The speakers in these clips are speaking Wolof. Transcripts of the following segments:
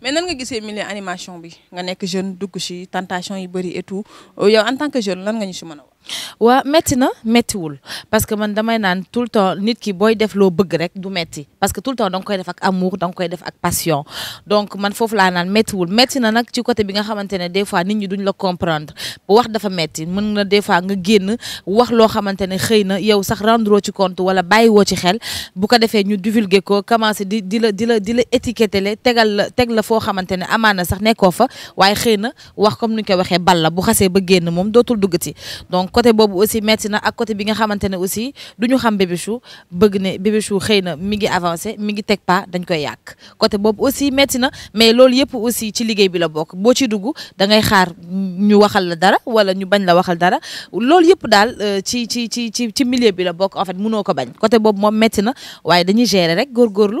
mais nan nga gisee milieu animation bi nga nekk jeune dugg ci tentation yi bëri et tout yow en tant que jeune lan nga ñu ci mën wa metti na metti wul parce que man damay naan tout le temps nit ki boy def lo beug rek du metti parce que tout le temps dang koy def ak amour dang koy def ak passion donc man fofu la laa metti wul metti na nak ci côté bi nga xamantene des fois nit ñi duñ la comprendre bu wax dafa metti mën na des fois nga génn wax lo xamantene xeyna yow sax rendre ci compte wala bayyi wo ci xel bu ko defee ñu divulguer ko commencé di di la di la di la étiqueter le tégal la teg la fo xamantene amana sax nekkoo fa waye xeyna wax comme ni ñu koy waxee bal bu xasee ba génn moom dootul duggati donc côté boobu aussi metti na ak côté bi nga xamante ne aussi du ñu xam Bébé Chou bëgg ne Bébé Chou xëy na mi ngi avancé mi ngi teg pas dañ koy yàq côté boobu aussi metti na mais loolu yëpp aussi ci liggéey bi la bokk boo ci dugg dangay xaar ñu waxal la dara wala ñu bañ la waxal dara loolu yëpp daal euh, ci ci ci ci ci milieu bi la bokk en fait munoo ko bañ côté boobu moom metti na waaye dañuy gérer rek góorgóorlu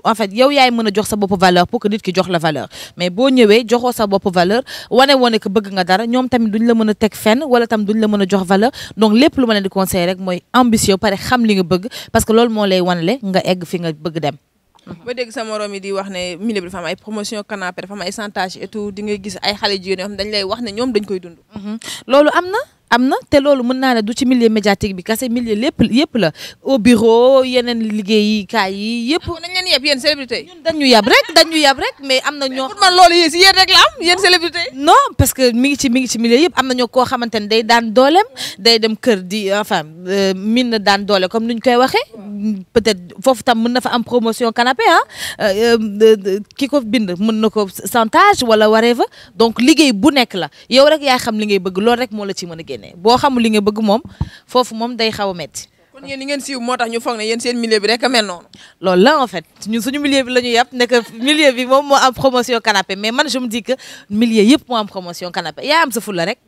en fait yow yaay mën jox sa bop valeur pour que nit ki jox la valeur mais bo ñëwee joxo sa bop valeur wané wane que bëgg nga dara ñom tamit duñ la mëna tek fenn wala tam duñ la mëna jox valeur donc lepp lu ma leen di conseil rek moy ambitieux paré xam li nga bëgg parce que lool mo lay wanale nga egg fi nga bëgg dem ba dégg sa morom yi di wax ne milieu bi dafa am ay promotion canapé dafa am ay santage et tout di ngay gis ay xale jigéen yoo xam dañ lay wax ne ñoom dañ koy dund mhm. loolu am na am na te loolu mën naa ne du ci milieu médiatique bi kase milieu lépp yëpp la au bureau yeneen liggéeyi kaay yi yëpp. nañ leen yeb yéen célébrité yi. dañ ñu yab rek dañ ñu mais am na ñoo. pour man loolu yéen si yéen rek la am yéen parce que mi ngi ci mi ngi ci milieu yëpp am na koo xamante ne day daan dooleem day dem kër di enfin euh, min na daan doole comme ni ñu koy waxe peut-être foofu tam mën na fa am promotion canapé ah euh, euh, ki ko bind mën na ko chantage wala whatever donc liggéey bu nekk la yow rek yaa xam li ngay bëgg loolu rek moo la ci mën génn ne boo xamul li nga bëgg mom fofu mom day xaw metti kon yeen ni ngeen siw motax ñu fogné yeen seen milieu bi rek mel Non, en fait ñu suñu milieu bi lañu que milieu bi mom promotion canapé mais man je me dis que milieu yëpp mo am promotion canapé ya am sa fulla rek